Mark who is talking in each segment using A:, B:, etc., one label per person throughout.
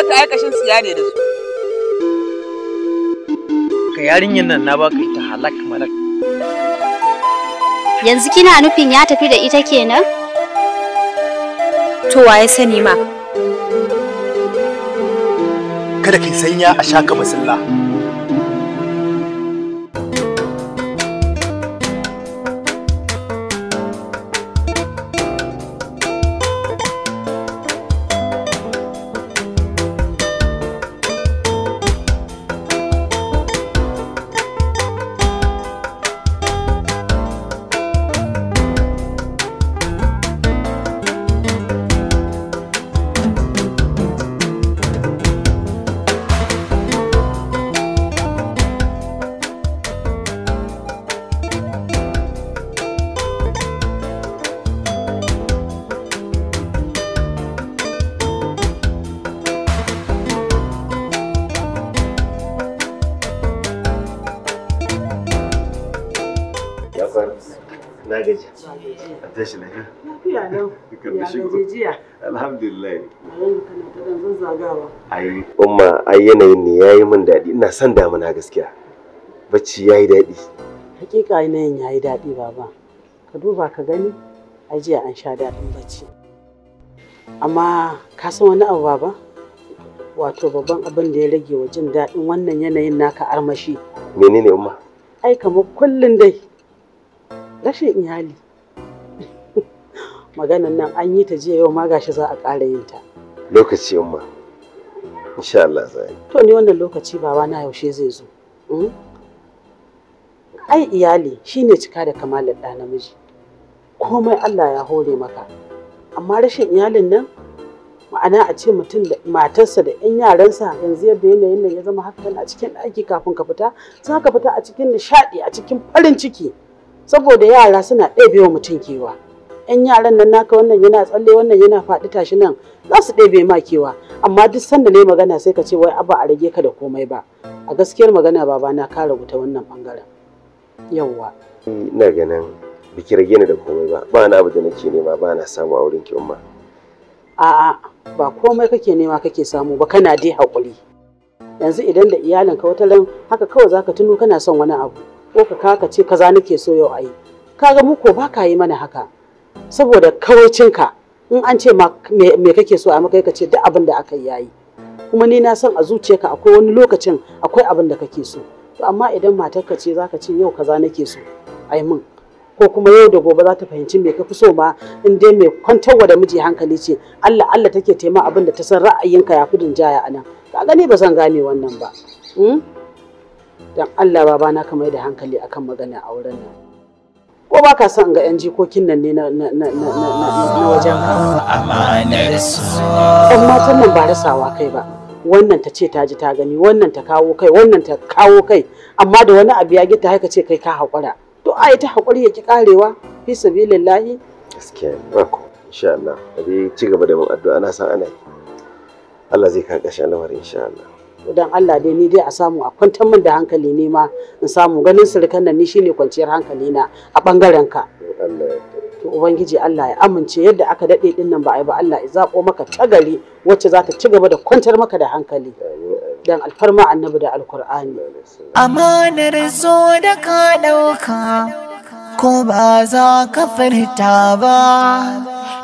A: wata aikashin siya ne da su
B: ka
C: yarinyar nan na baka ita halak malak
A: yanzu kina nufin ya
D: tafi da ita kenan to waye sani ma
E: kada ki sanya a shaka masalla
F: shigo alhamdulillah ai umma ai yanayin ne yayi min daɗi ina son damuna gaskiya bacci yi daɗi
A: hakika yanayin yayi daɗi baba ka duba ka gani ai jiya an sha daɗin bacci amma ka san wani abu baba wato babban abin da ya rage wa jin daɗin wannan yanayin naka armashi menene umma ai kamar kullun dai rashin iyali maganan nan an yi ta jiya yau ma gashi za a ƙara yin ta
F: lokaci yamma insha Allah za yi
A: to ni wannan lokaci baba na yaushe zai zo hmm? ai iyali shine cika da kamalar ɗa namiji komai Allah ya hore maka amma rashin iyalin nan ma'ana a ce mutum da matarsa da 'yan yaransa yanzu yadda yanayin nan ya zama haka a cikin ɗaki kafin ka fita za ka fita a cikin nishaɗi a cikin farin ciki saboda yara suna wa mutum kewa. 'yan yaran nan naka wannan yana tsalle wannan yana faɗi tashi nan za su ɗebe makewa. amma duk sanda ne magana sai ka ce wai abba a rage ka da komai ba a gaskiyar magana baba na ka rubuta wannan bangaren yawwa
F: ina ganin biki rage ni da komai ba ba na abu da nake nema ba na samu a ki umma
A: a'a ba komai kake nema kake samu ba kana dai haƙuri yanzu idan da iyalinka wata ran haka kawai zaka tuno kana son wani abu ko ka ka ce kaza nake so yau ayi kaga mu ko ba ka yi mana haka saboda kawaicinka in an ce me kake so a maka ka ce duk abin da aka yayi kuma ni na san a zuciyarka akwai wani lokacin akwai abin da kake so to amma idan matarka ce zaka ce yau kaza nake so ai min ko kuma yau da gobe za ta fahimci me ka fi so ma in dai mai wa da miji hankali ce Allah Allah take taima abin da ta san ra'ayinka ya fudin jaya anan nan ka ba zan gane wannan ba hmm? dan Allah babana ka mai da hankali akan magana auren nan ko ba ka son ga 'yan jikokin nan ne na wajen
C: ɗan matan nan
A: ba rasawa kai ba wannan ta ce ta ji ta gani wannan ta kawo kai wannan ta kawo kai amma da wani abu ya gita haka ce kai ka haƙura to a yi ta haƙuri ya ki ƙarewa? fi sabilillahi
F: gaskiya ba ko insha Allah ci gaba da mun addu'a na san ana Allah zai ka ƙarshen lamarin insha Allah
A: don Allah dai ni dai a samu a kwantar min da hankali ne ma in samu ganin surukan nan ni shine kwanciyar hankali na a
F: bangaren ka
A: to ubangiji Allah ya amince yadda aka dade din nan ba ai ba Allah ya zabo maka tagari wacce za ta ci gaba da kwantar maka da hankali dan alfarma annabi da alkur'ani
C: amanar zo da ka dauka ko ba za ka farta ba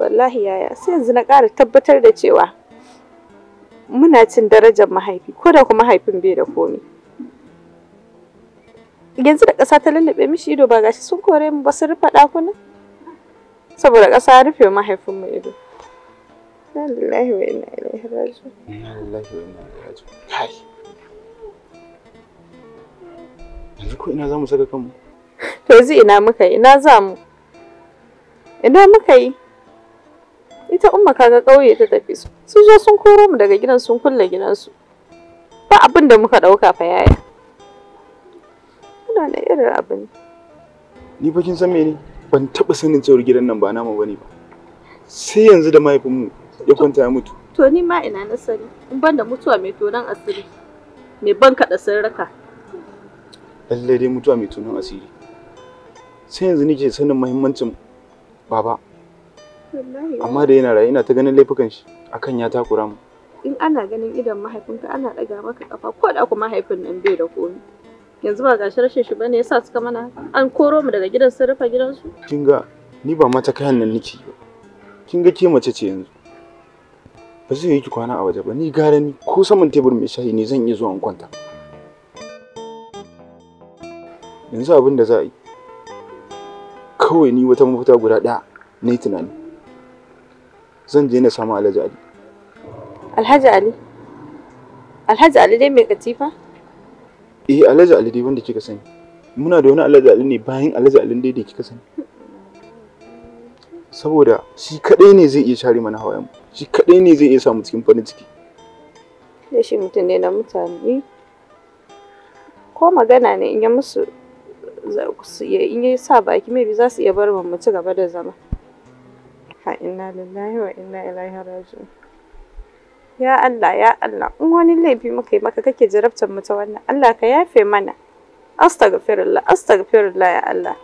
B: wallahi yaya sai yanzu na ƙara tabbatar da cewa muna cin darajar mahaifi ko da kuma mahaifin bai da komi yanzu da ƙasa ta lallaɓe mishi ido ba gashi sun kore mu ba su rufe ɗakuna saboda ƙasa ya rufe mahaifin mu ido na lillahi wa inna ilaihi raji'un
E: na wa inna ilaihi raji'un kai yanzu ko ina za mu saka kanmu
B: to yanzu ina muka yi ina za mu ina muka yi ita umma kaga ƙauye ta tafi su sun zo sun koro mu daga gidan sun kulle gidansu ba abin da muka ɗauka fa yaya
E: ina da irin abin ni fa kin san mene ban taɓa sanin cewar gidan nan ba nama bane ba sai yanzu da mahaifinmu ya kwanta ya mutu
B: to ni ma ina na sani in ban da mutuwa mai tonon asiri mai ban kaɗa sirrika
E: lallai dai mutuwa mai tonon asiri sai yanzu nike sanin muhimmancin baba
B: Eh. Amma da
E: yana raye ina ta ganin laifukan shi akan ya takura mu.
B: In ana ganin idan mahaifinka ana daga maka kafa ko da kuma mahaifin nan bai da komai. Yanzu ba gashi rashin shi bane yasa suka mana an koro mu daga gidan sun rufe su.
E: Kin ga ni ba mata kayan nan nake ba. Kin ga ke mace ce yanzu. Ba zai yi kwana a waje ba ni gara ni ko saman tebur mai shayi ne zan iya zuwa in kwanta. Yanzu abin da za a yi kawai ni wata mafita guda ɗaya na yi tunani zan je na samu alhaji ali
B: alhaji ali alhaji ali dai mai katifa
E: eh alhaji ali dai wanda kika sani muna da wani alhaji ali ne bayan alhaji ali dai da kika sani saboda shi kadai ne zai iya share mana hawayen shi kadai ne zai iya samu cikin farin ciki
B: da shi mutum ne na mutane ko magana ne in ya musu in ya sa baki mai za su iya bar mu ci gaba da zama Fa inna lillahi wa inna ilaihi raji'un. Ya Allah, ya Allah, in wani laifi muka yi maka kake jarabtar mu ta wannan, Allah ka yafe mana. Astaghfirullah, astaghfirullah ya Allah.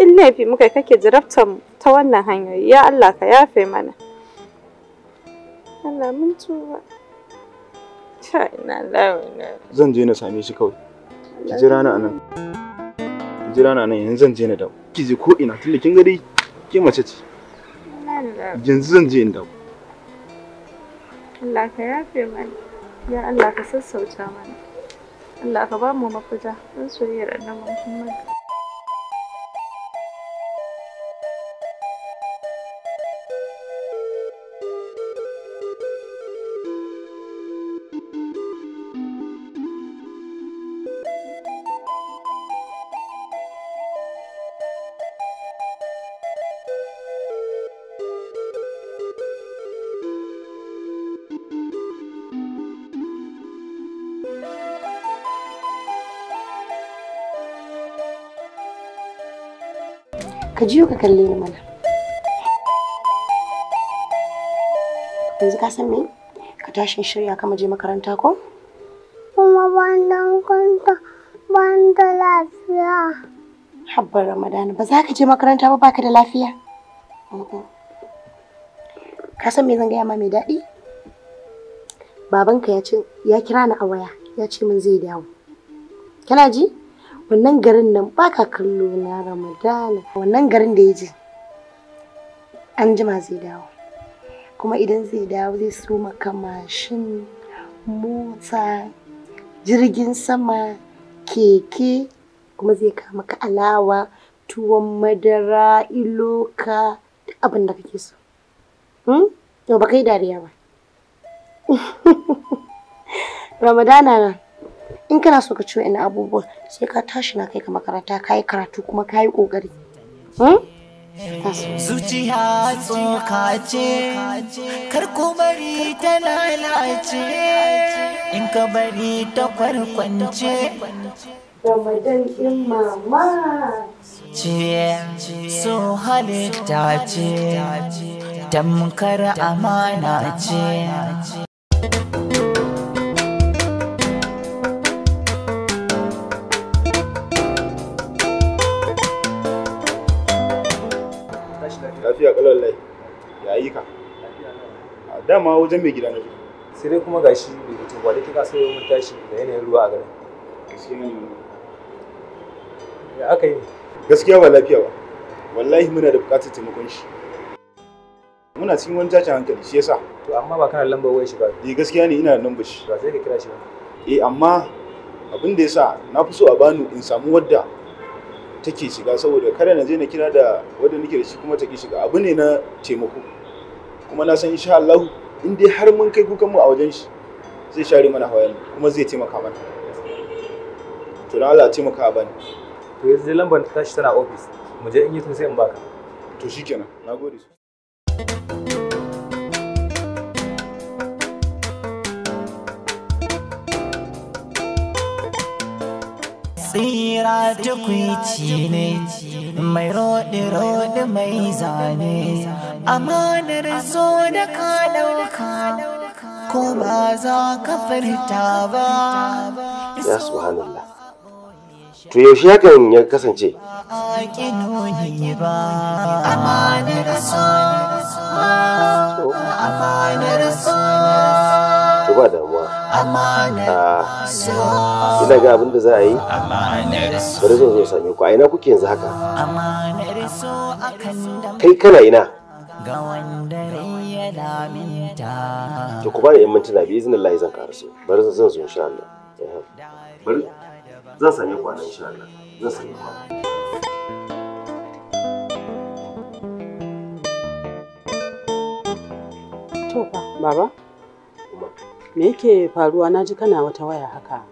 B: In laifi muka kake jarabtar mu ta wannan hanyoyi, ya Allah ka yafe mana. Allah mun tuba.
E: Zan je na same shi kawai. Ki jira na anan. Ki jira na anan yanzu zan je na da. Ki je ko ina tunda kin ga dai ke mace ce. yanzu zan je in dawo
A: Allah
B: ka yafe mana ya Allah ka sassauta mana Allah ka ba mu mafita don soyayyar annabi Muhammad
G: ka jiyo ka kalle ni mana yanzu ka san me ka tashi shirya ka je makaranta ko kuma dan kanta ban da lafiya habbar ramadan ba za ka je makaranta ba baka da lafiya ka san me zan gaya ma mai daɗi babanka ya kira ni a waya ya ce min zai dawo kana ji wannan garin nan baka kallo na ramadana wannan garin da ya je an jima zai dawo kuma idan zai dawo zai so maka mashin mota jirgin sama keke kuma zai kawo maka alawa tuwon madara iloka duk abin da kake so hmm? to ba kai dariya ba ramadana na in kana so ka ci wa'annan abubuwan sai ka tashi na kai ka makaranta ka yi karatu kuma ka yi ƙoƙari hmm? zuciya tsoka ce kar ku bari ta
C: lalace in ka bari ta kwarkwance
G: Ramadan ɗin mama.
C: Ce, so halitta ce, tamkar amana ce.
E: dama wajen mai gida na biyu sai dai kuma gashi bai fito ba duk ka sai mun tashi da yanayin ruwa a garin ya aka yi gaskiya ba lafiya ba wallahi muna da buƙatar taimakon shi muna cikin wani tashin hankali shi yasa to amma ba kana lambar wayar shi ba eh gaskiya ne ina da lambar shi ba sai ka kira shi ba eh amma abin da yasa na fi so a bani in samu wadda take shiga saboda kada na je na kira da wadda nake da shi kuma take shiga abu ne na taimako kuma na san insha Allah in dai har mun kai kukan mu a wajen shi zai share mana hawayen kuma zai taimaka mana to na Allah taimaka bani to yanzu dai lambar ta tashi tana office mu je in yi to sai in baka to shikenan nagode
C: tsira tukwici ne mai roɗe-roɗe mai zane amanar zo da ka ɗauka ko ba za ka furta ba
F: ya subhanallah to yaushe hakan ya kasance
C: amanar so amanar so
F: to ba damu Ah, ina ga abin da za a yi bari zan zo same ku a ina kuke yanzu haka kai kana ina ki ku bani yan mintuna biyu izinin Allah zan karaso bari zan zo insha Allah bari zan sami ku a nan insha Allah zan sami ku
A: to baba me yake faruwa na ji kana wata waya haka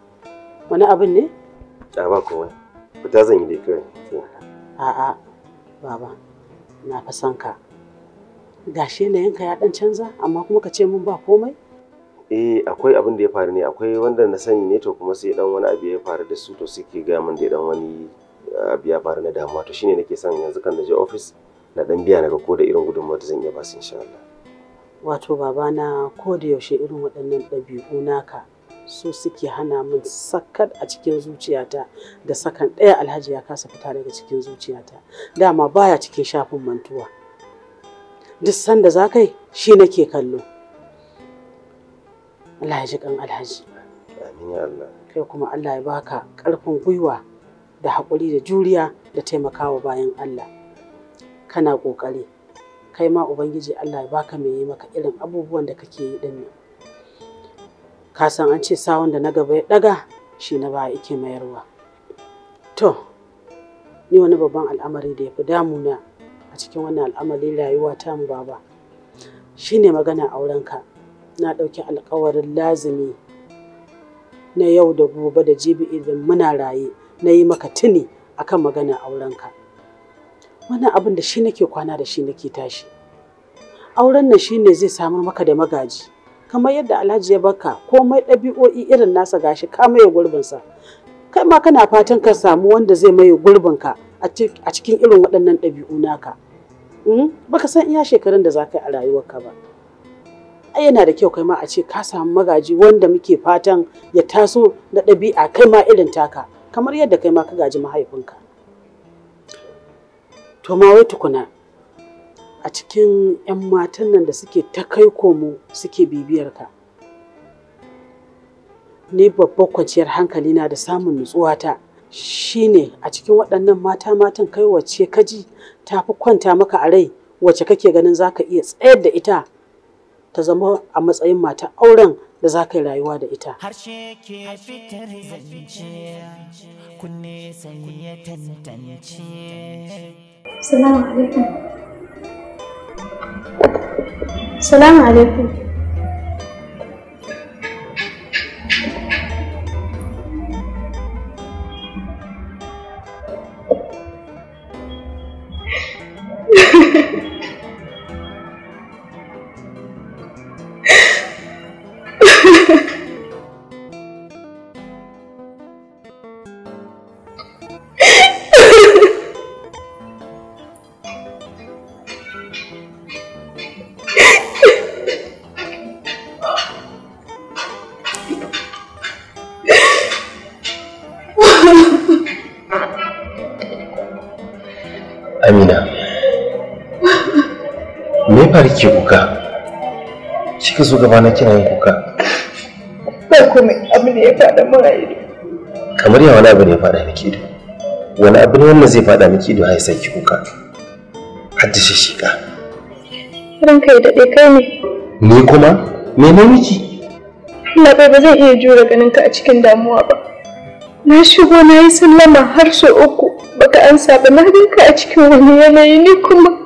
A: wani abin ne
F: a ba kowa fita zan yi dai kawai
A: a'a baba na fa san ka gashi yanka ya dan canza amma kuma ka ce mun ba komai
F: eh akwai abin da ya faru ne akwai wanda na sani ne to kuma sai dan wani abu ya faru da su to suke ga mun da dan wani eh, abu ya faru na damuwa to shine nake son yanzu kan da je office na dan biya naga ko da irin gudunmawar da zan iya ba su insha Allah
A: wato babana ko da yaushe irin waɗannan ɗabi'u naka su suke hana min sakat a cikin zuciyata da sakan ɗaya alhaji ya kasa fita daga cikin zuciyata dama baya cikin shafin mantuwa duk sanda za kai shi nake kallo Allah ya ji kan alhaji kai kuma Allah ya baka ƙarfin gwiwa da haƙuri da juriya da taimakawa bayan Allah kana ƙoƙari kai ma ubangiji Allah ya baka mai yi maka irin abubuwan da kake yi din nan ka san an ce sawun da na gaba ya ɗaga? shi na baya yake mayarwa to ni wani babban al'amari da ya fi na a cikin wannan al'amari rayuwa ta mu baba shine magana aurenka na ɗauki alkawarin lazumi na yau da gobe da jibi idan muna raye na yi maka tuni akan magana aurenka wani abin da shi nake kwana da shi nake tashi auren nan shi ne zai samar maka da magaji kamar yadda alhaji ya baka komai ɗabi'o'i irin nasa gashi ka maye gurbinsa kai ma kana fatan ka samu wanda zai maye ka a cikin irin waɗannan ɗabi'u naka hmm? baka san iya shekarun da za ka yi a rayuwarka ba ai yana da kyau kai ma a ce ka samu magaji wanda muke fatan ya taso da ɗabi'a kai ma irin taka kamar yadda kai ma ka gaji mahaifinka To ma wai tukuna a cikin 'yan matan nan da suke ta kai komo suke bibiyar ka. Ni babbar kwanciyar hankali na da samun nutsuwa ta shine a cikin waɗannan mata matan kai wacce kaji ta fi kwanta maka a rai wacce kake ganin za ka iya tsayar da ita ta zama a matsayin mata auren da za ka yi rayuwa da ita. Harshe
B: ke Salamu alaikum.
F: gaba na kina yin kuka
H: ba kome abu ne ya faɗa mara a ido
F: kamar yawa wani abu ne ya faɗa miki ido wani abu ne wanda zai faɗa miki ido har sai ki kuka har da shishika
D: ranka ya daɗe kai ne
F: ni kuma ne miki
H: na ba zan iya jure ganin ka a cikin damuwa ba na shigo na yi sallama har sau uku baka ansa ba na ganka a cikin wani yanayi ni kuma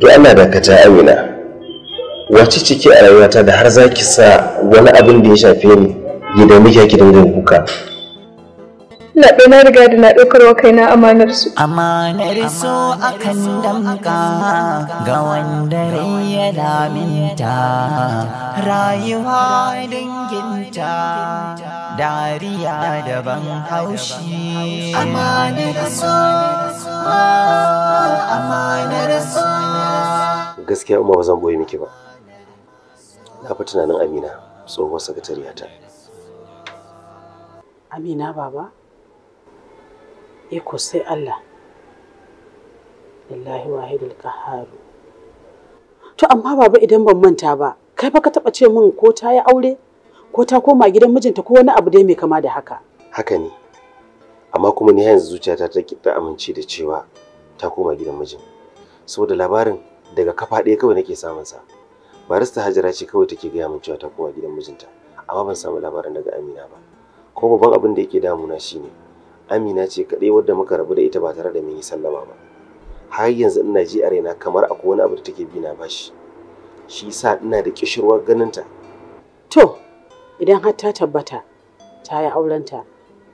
F: to Allah dakata amina wace ciki a rayuwata da har za ki sa wani abin da ya shafe ni gidan da muke ki dinga
B: na na riga da na ɗaukar wa kaina amanar su. Amanar
C: a akan damka ga wanda ya laminta rayuwa danginta dariya daban haushi. Amanar so. amanar so.
F: Gaskiya umar ba zan boye miki ba. Na fi tunanin Amina tsohuwar sakatariyata.
A: Amina baba? iko sai Allah lillahi wahidul qaharu to amma baba idan ban manta ba kai fa ka taba ce min ko ta yi aure ko ta koma gidan mijinta ko wani abu dai mai kama da haka
F: haka ne amma kuma ni yanzu zuciyata ta ta amince da cewa ta koma gidan mijin saboda labarin daga kafa ɗaya kawai nake samun sa barista hajara ce kawai take gaya min cewa ta koma gidan mijinta amma ban samu labarin daga amina ba ko babban abin da yake damuna shine Amina ce kaɗai wadda muka rabu da ita ba tare da mun yi sallama ba. Har yanzu ina ji a raina kamar akwai wani abu da take bi na bashi. Shi sa ina da kishirwar ta
A: To, idan har ta tabbata ta yi aurenta,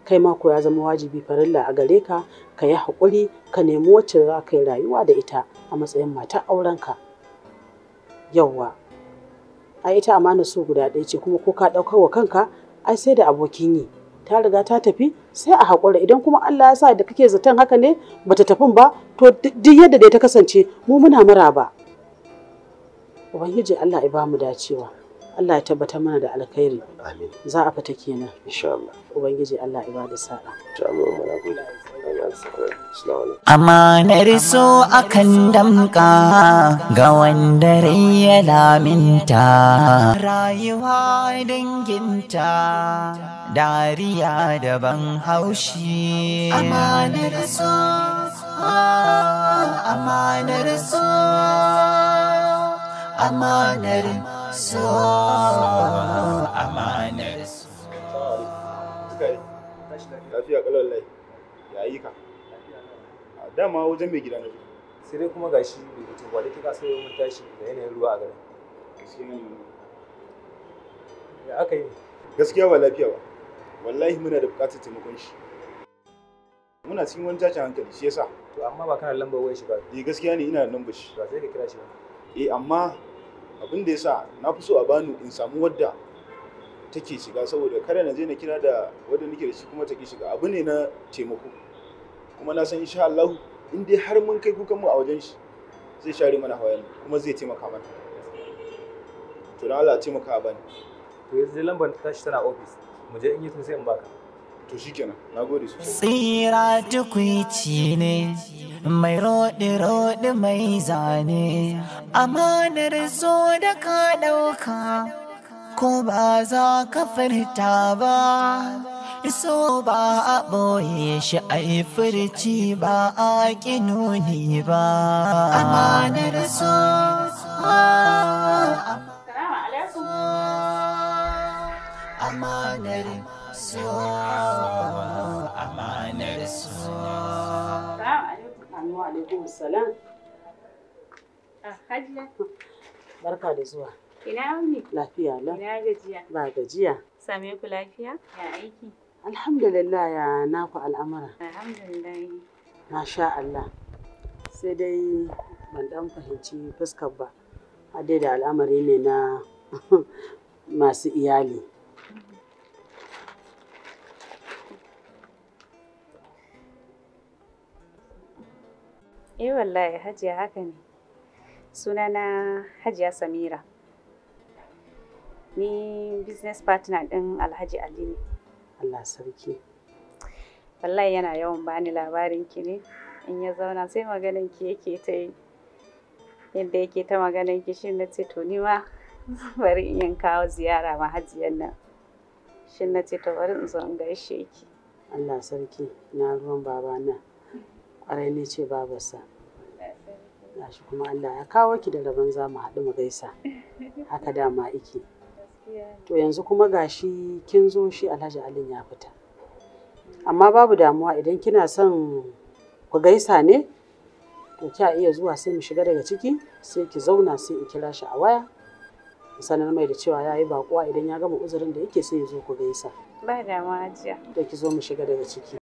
A: kai ma ko ya zama wajibi farilla a gare ka, ka yi haƙuri, ka nemi wacce za ka yi rayuwa da ita a matsayin matar ka Yawwa, a ita amana so guda ɗaya ce kuma ko ka ɗaukar wa kanka, ai sai da abokin yi. ta riga ta tafi sai a haƙura idan kuma Allah ya sa da kake zaton haka ne ba ta tafin ba to duk yadda dai ta kasance mu muna maraba ubangiji Allah ya bamu dacewa Allah ya tabbata mana da alkhairi amin za a fita kenan insha Allah ubangiji Allah ya bada sa'a to amma muna gode
C: akan damka ga wanda rai ya laminta rayuwa danginta. dariya daban haushi ah, amanar so amanar so amanar
E: so amanar so lafiya kalon lai ya yi ka dama wajen mai gida na sai dai kuma gashi bai mutum ba da kika sai mun tashi da yanayin ruwa a garin gaskiya ne ya aka yi gaskiya ba lafiya ba wallahi muna da buƙatar taimakon shi muna cikin wani tashin hankali shi yasa to amma ba kana lambar wayar shi ba eh gaskiya ne ina da lambar shi ba sai ka kira shi ba eh amma abin da yasa na fi so a bani in samu wadda take shiga saboda kada na je na kira da wadda nake da shi kuma take shiga abu ne na taimako kuma na san insha Allah in dai har mun kai kukan mu a wajen shi zai share mana hawayen kuma zai taimaka mana to na Allah taimaka bani to yanzu lambar tashi tana office mu je in yi tun sai in baka to shikenan nagode
C: tsira tukwici ne mai roɗi-roɗi mai zane amanar zo da ka ɗauka ko ba za ka furta ba So ba a ɓoye shi a yi furci ba a ƙinoni ba amanar so Assalamu
A: alaikum Barka da zuwa. Ina wuni? Lafiya lau.
I: Ina gajiya.
A: Ba gajiya.
I: Same ku lafiya? Ya aiki.
A: Alhamdulillah ya naku al'amura. Alhamdulillah. Masha Allah. Sai dai ban dan fahimci fuskar ba. Adai da al'amari ne na masu iyali.
I: Eh wallahi Hajiya haka ne. Sunana Hajiya Samira. Ni business partner din Alhaji Ali ne.
A: Allah sarki.
I: Wallahi yana yawan bani labarin ki ne. In ya zauna sai maganar ki yake ta yi. Yadda yake ta maganar ki shin na ce to ni ma bari in yin kawo ziyara ma hajiyan nan. Shin na ce to bari in zo in
A: gaishe ki. Allah sarki na ruwan babana. Ƙwarai ne ce babarsa. gashi kuma Allah ya kawo ki da rabon za mu haɗu mu gaisa haka dama iki to yanzu kuma gashi kin zo shi Alhaji Alin ya fita amma babu damuwa idan kina son ku gaisa ne to kya iya zuwa sai mu shiga daga ciki sai ki zauna sai in kira shi a waya sanar mai da cewa ya yi bakuwa idan ya gama uzurin da yake sai ya zo ku gaisa
I: ba damuwa
A: jiya to ki zo mu shiga daga ciki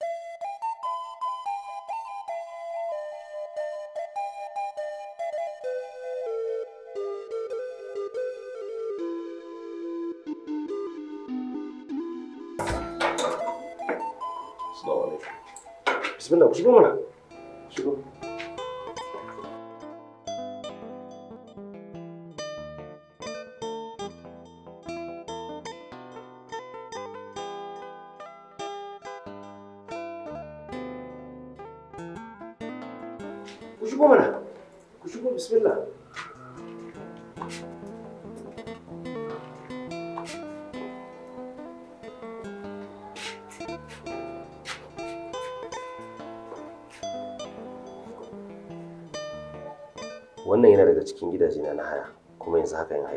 F: 那不是用了。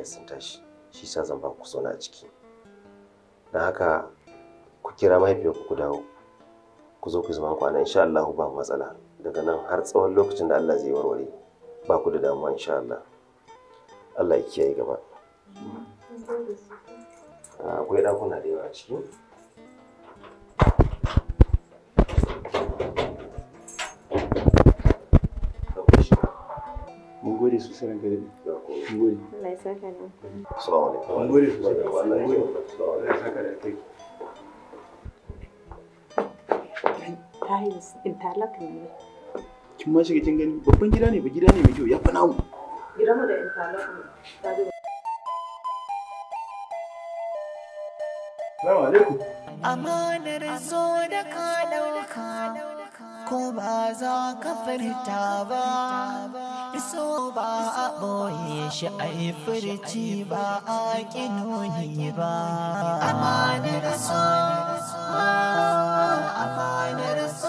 F: ya sun tashi shi sa zan ba ku sona a ciki don haka ku kira mahaifiyarku ku dawo ku zo ku zama kwana insha Allah ba matsala daga nan har tsawon lokacin da Allah zai warware ba ku da damuwa insha Allah Allah ya kiyaye gaba akwai ɗakuna da yawa a ciki
B: gode sosai ranka da
E: mun shiga kin gani babban gida ne ba gida ne mai kyau ya fa namu mu da ne Amanar
C: zo da ka ko ba za ka furta ba. so ba a boye shi a yi furci ba a ƙi nuni ba amanar su
A: amanar su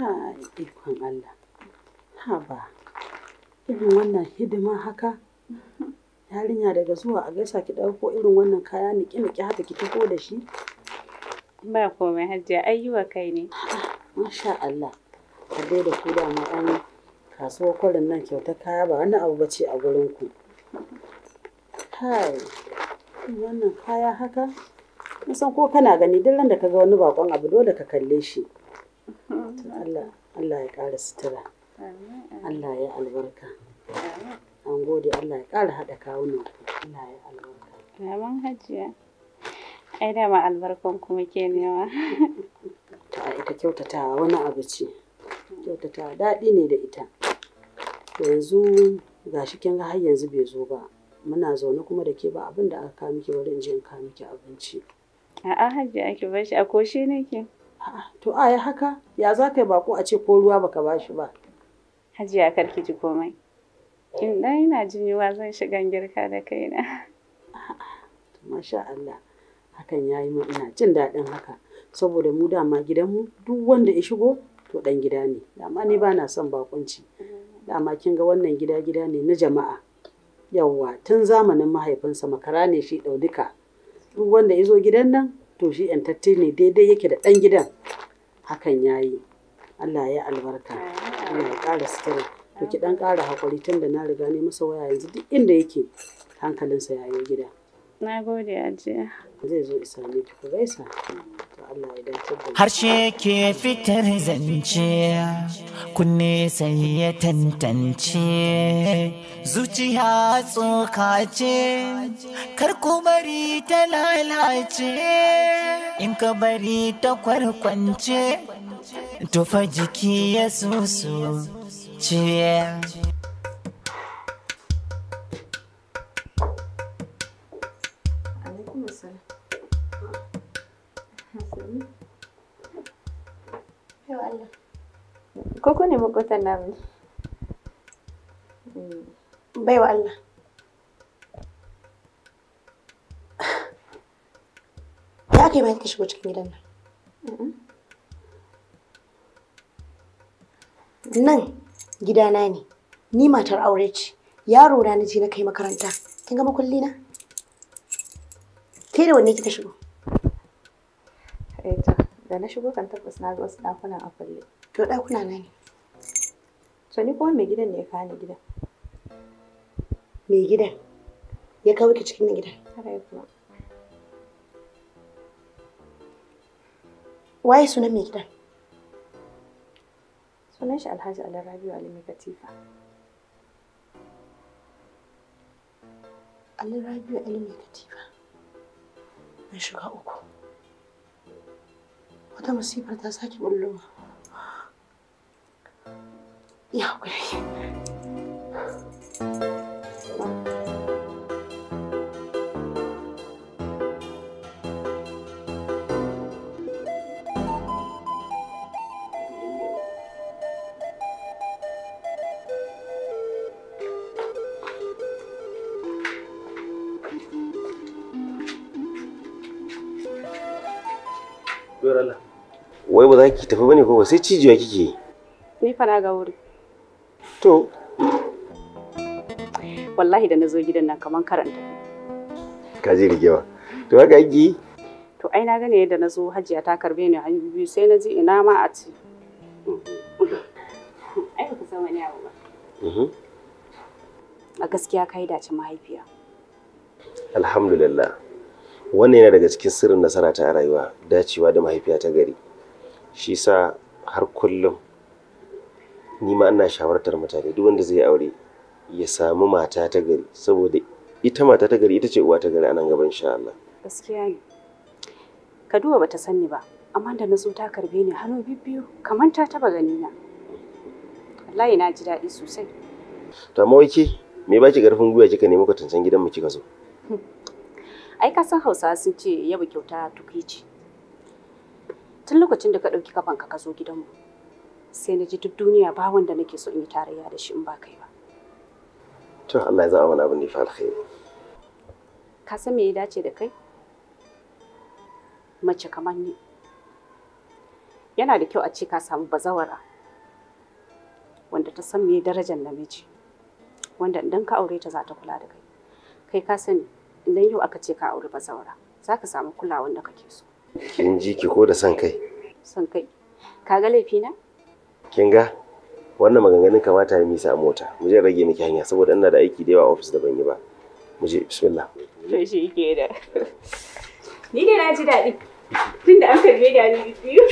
A: kai ikon Allah ha ba irin wannan hidima haka yarinya daga zuwa a gaisa ki ɗauko irin wannan kaya niki-niki haka ki taho da shi
I: ba komai Hajji, ayyuwa kai ne
A: masha Allah ku da ku dama an kasuwar kwarin nan kyauta kaya ba wani abu bace a gurin ku kai wannan kaya haka na san ko kana gani duk da ka ga wani bakon abu dole ka kalle shi Allah Allah ya ƙara sutura Allah ya albarka an gode Allah ya ƙara haɗa kawuna, Allah ya albarka
I: Yaman hajiya ai dama albarkon kuma ke newa
A: ta ita kyautatawa wani abu ce kyautata daɗi ne da ita yanzu ga shi kin ga har yanzu bai zo ba muna zaune kuma da ke ba abin da aka kawo miki wurin in je kawo miki abinci a'a hajji ake ba shi a koshe nake to a haka ya za ka yi bako a ce ko ruwa baka ba shi ba
I: hajiya kar ki ji komai in dan ina jin yiwa zan shiga girka da kaina
A: masha Allah hakan yayi mu ina jin daɗin haka saboda mu dama gidanmu duk wanda ya shigo to dan gida ne dama ni ba na son bakunci dama kin ga wannan gida gida ne na jama'a yawwa tun zamanin mahaifinsa makara ne shi ɗauduka duk wanda ya zo gidan nan to shi yantattu ne daidai yake da ɗan gidan hakan ya yi allah ya albarka allah ya ƙara sutura to ki ɗan ƙara haƙuri tun da na riga ne masa waya yanzu duk inda yake hankalinsa ya yi gida na gode ajiya
C: harshe ke fitar zance kunne sai ya tantance zuciya tsoka ce kar ku bari ta lalace in ka bari ta kwarkwance tufa jiki ya susu ce
B: ko ku ne makotan namu hmm. baiwa Allah
G: ya aka yi bayan ka shigo cikin gidan nan nan gidana ne ni matar aure ce yaro na naje na kai makaranta kin ga makulli na ke da wanne kika shigo eh da na shigo kan tabbas na ga wasu dakunan a kulle to ɗakuna na ne to ni kuma mai gidan ne ya kawo ni gidan mai gidan ya kawo ki cikin gidan kuma waye sunan mai gidan sunan shi alhaji alarabiyu alimi katifa alimi katifa mai shiga uku wata masifar ta sake bullowa 要不然。
F: Wai ba za ki tafi bane ko ba sai cijiya kike yi.
I: Ni fara ga wuri. To. Wallahi da na zo gidan nan kaman karanta.
F: Ka ji rigewa. To haka yi? To
I: ai na gane yadda na zo hajiya ta karbe ni hanyu biyu sai na ji ina ma a ci. Mhm. Ai ba ku san wani abu ba. Mhm. A gaskiya ka yi dace mahaifiya.
F: Alhamdulillah. Wannan yana daga cikin sirrin nasara ta rayuwa dacewa da mahaifiya ta gari. Shi sa har kullum ni ma ina shawartar mutane duk wanda zai aure ya samu mata ta gari saboda ita mata ta gari ita ce uwa ta gari a nan gaba insha Allah
I: gaskiya ne Kaduwa bata sani ba amma da nazo ta karbe ni hannu bibbiyu kamar ta taba gani na wallahi na ji daɗi sosai
F: to amma wake me ba ki garfin gwiwa kika nemi kwatancan gidan mu kika zo
I: ai ka san Hausawa sun ce yaba kyauta tukici tun lokacin da ka ɗauki kafanka ka zo gidanmu sai na ji duk duniya ba wanda nake so in yi tarayya da shi in ba kai ba
F: to Allah ya zama mana abin da ya alkhairi
I: ka san me ya dace da kai mace kamar ni yana da kyau a ce ka samu bazawara wanda ta san me darajar namiji wanda idan ka aure ta za ta kula da kai kai ka sani idan yau aka ce ka aure bazawara za ka samu kulawa wanda kake
F: so kin ji ki ko da san kai
I: san kai ka ga laifi na
F: kin ga wannan maganganun kamata ya misa mota mu je rage miki hanya saboda ina da aiki da yawa a office da ban yi ba mu je bismillah
I: to shi yake da ni ne na ji daɗi tunda an karbe da ni biyu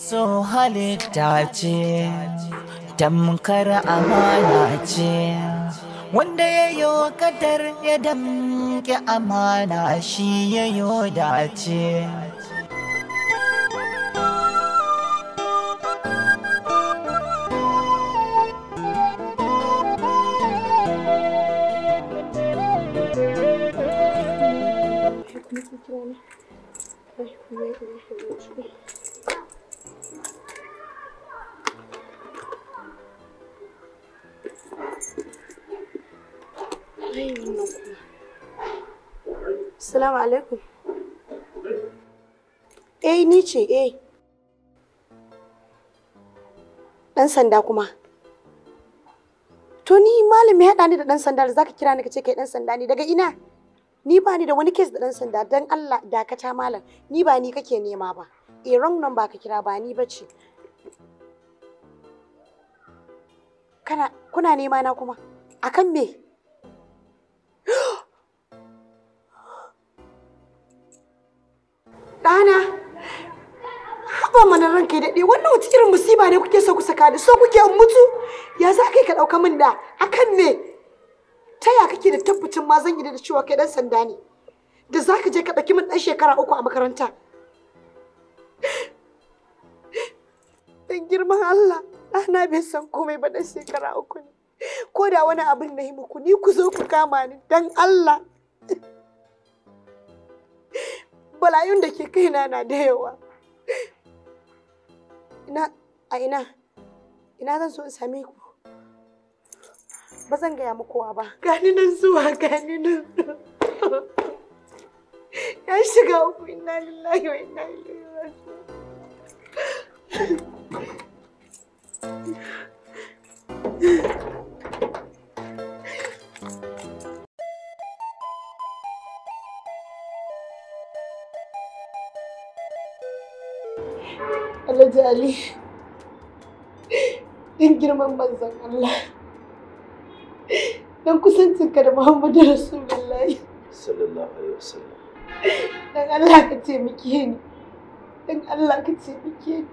C: So halitta ce, tamkar amana ce, wanda ya yi kadar ya damke amana shi ya yi dace. Bizim
G: Assalamu alaikum. Eh ni ce eh. Ɗan sanda kuma. To ni malami ya haɗa ni da ɗan sanda da zaka kira ni kace kai ɗan sanda ne daga ina? ni ba ni da wani kes da dan sanda dan Allah dakata malam ni ba ni kake nema ba eh wrong number ka kira ba ni bace kana kuna nema na kuma akan me dana
H: haba mana ranka da dai wannan wata irin musiba ne kuke so ku saka da so kuke mutu ya za ka yi ka ɗauka min da akan me ta ya kake da tabbacin ma zan yi da cewa kai dan sanda ne da za ka je ka ɗauki min ɗan shekara uku a makaranta dan girman Allah ɗana bai san komai ba ɗan shekara uku ne ko da wani abin na yi muku ni ku zo ku kama ni dan Allah bala'yun da ke kaina na da
G: yawa ina a ina ina zan so in same ku ba zan gaya mu kowa ba gani nan zuwa gani nan ya shiga uku inna lillahi wa
H: inna ilaihi raji'un Alhaji Ali, in girman manzon Allah. ka da Muhammadu Rasulullahi.
F: Sallallahu Alaihi Wasallam.
H: Dan Allah ka taimake ni. Dan Allah ka taimake ni.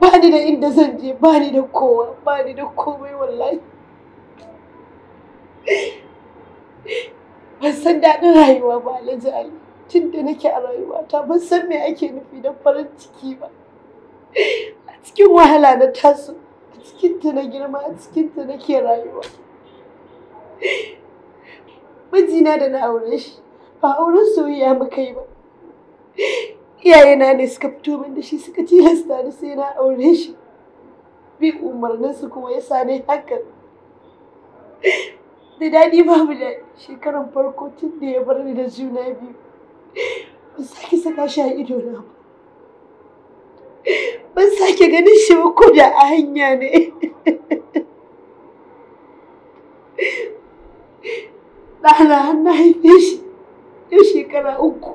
H: Ba ni da inda zan je, ba ni da kowa, ba ni da komai wallahi. Ban san daɗin rayuwa ba Alhaji Ali. Tun da nake a rayuwa ta ban san me ake nufi da farin ciki ba. A cikin wahala na taso, a cikinta na girma, a cikinta nake rayuwa. mijina da na aure shi ba auren soyayya muka yi ba iyayena ne suka fito min da shi suka tilasta ni sai na aure shi bi umarninsu kuma ya sa ni hakan da daɗi babu da shekaran farko tun da ya bar ni da juna biyu ban sake saka shi a ido na ba ban sake ganin shi ba ko da a hanya ne ɗana har na haife shi ya shekara uku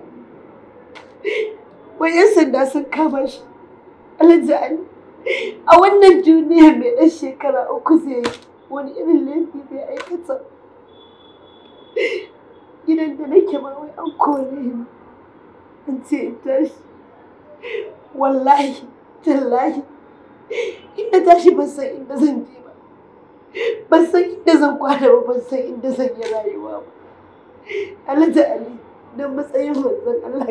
H: wai 'yan sanda sun kama shi alhaji a wannan duniyar mai ɗan shekara uku zai yi wani irin laifi zai aikata gidan da nake ma wai an kore ni an ce in tashi wallahi tallahi inda tashi ban san inda zan je ban san inda zan kwana ba ban san inda zan yi rayuwa ba alhaji ali don matsayin manzon allah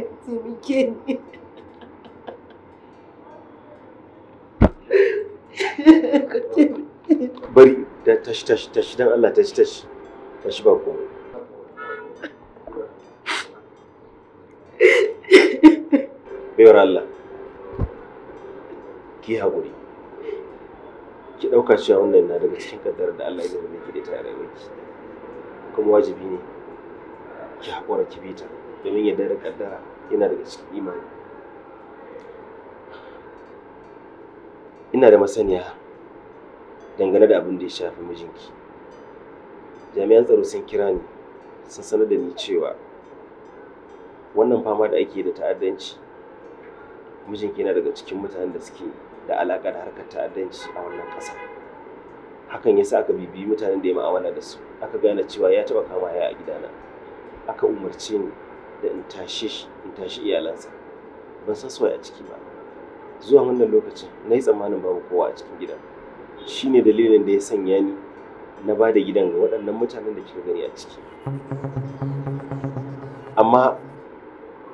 H: ka taimake ni bari
F: da tashi tashi tashi don allah tashi tashi tashi ba komai baiwar allah ki haƙuri ɗauka cewa wannan na daga cikin kaddarar da Allah ya zama miki da tare da ki kuma wajibi ne ki haƙura ki bi ta domin yadda da kaddara yana daga cikin imani ina da masaniya dangane da abin da ya shafi mijinki jami'an tsaro sun kira ni sun sanar da ni cewa wannan fama da ake da ta'addanci mijinki yana daga cikin mutanen da suke da alaƙa da harkar ta'addanci a wannan ƙasa. hakan yasa aka bibiyi mutanen da ya ma'amala da su aka gane cewa ya taba kama ya a gidana aka umarce ni da in tashe shi in tashi iyalansa ban san suwaye a ciki ba zuwa wannan lokacin na yi tsammanin babu kowa a cikin gidan shine dalilin da ya sanya ni na ba da gidan ga waɗannan mutanen da kika gani a ciki amma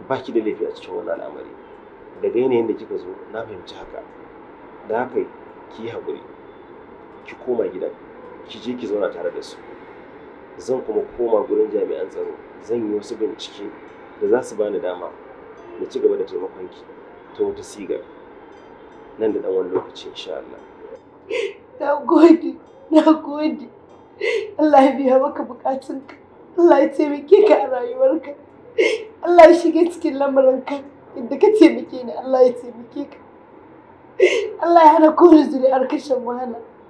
F: ba ki da laifi a cikin wannan al'amari daga yanayin da kika zo na fahimci haka da haka ki yi haƙuri ki koma gida ki je ki zauna tare da su zan kuma koma gurin jami'an tsaro zan yi wasu bincike da za su bani dama na ci gaba da taimakon ki ta wata sigar nan da ɗan wani lokaci insha Allah.
H: Na gode, na gode. Allah ya biya maka bukatunka. Allah ya taimake ka a rayuwarka. Allah ya shiga cikin lamarinka. Inda ka taimake ni, Allah ya taimake ka. Allah ya hana kowane zuri'ar kashin wahala.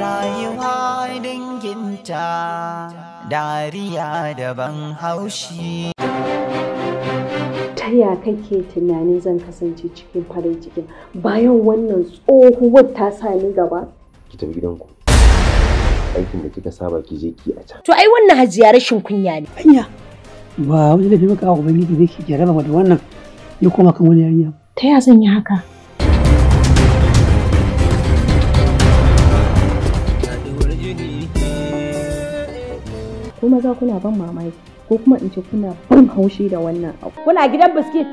C: rayuwa danginta dariya ban haushi
I: ta ya kake tunanin zan kasance cikin farin cikin bayan wannan tsohuwar ta sani gaba
F: ki tafi gidanku aikin da kika saba ki je ki a can
D: to ai wannan hajiya rashin kunya ne anya
G: ba
A: wani da fi maka ubangiji ne ke jaraba da wannan ya koma kan wani yarinya
D: ta ya zan yi haka
B: ko maza kuna ban mamaki ko kuma in ce kuna
D: ban haushi da wannan abu
G: kuna gidan biskit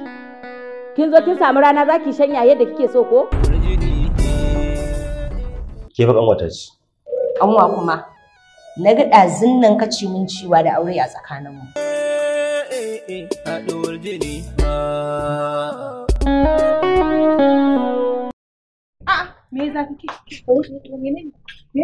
G: kin zo kin samu rana zaki shanya yadda kike so ko
F: ke fa kanwa ta ce
D: kanwa kuma na ga ɗazin nan ka ci ciwa da aure a tsakaninmu Me za ki ke? Me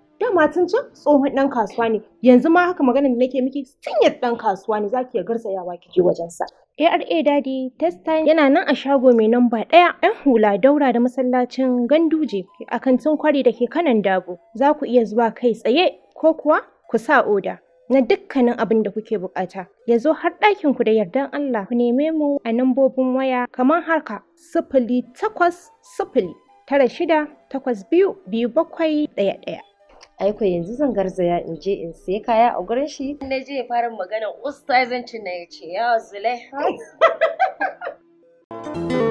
D: dama tun can tsohon ɗan kasuwa ne yanzu ma haka magana da nake miki sinyar ɗan kasuwa ne zaki ya garsayawa kike wajen sa ARA Daddy test time yana nan a shago mai namba ɗaya ‘yan hula daura da masallacin ganduje a kantin kwari da ke kanan dabo za ku iya zuwa kai tsaye ko kuwa ku sa oda na dukkanin abin da kuke bukata ya zo har ɗakin ku da yardan Allah ku neme mu a nambobin waya kamar haka sifili takwas sifili tara shida takwas biyu biyu bakwai ɗaya ɗaya aiko yanzu zan garzaya in je in sai kaya a gurin shi na je ya fara magana ustazancin na ya ce ya zule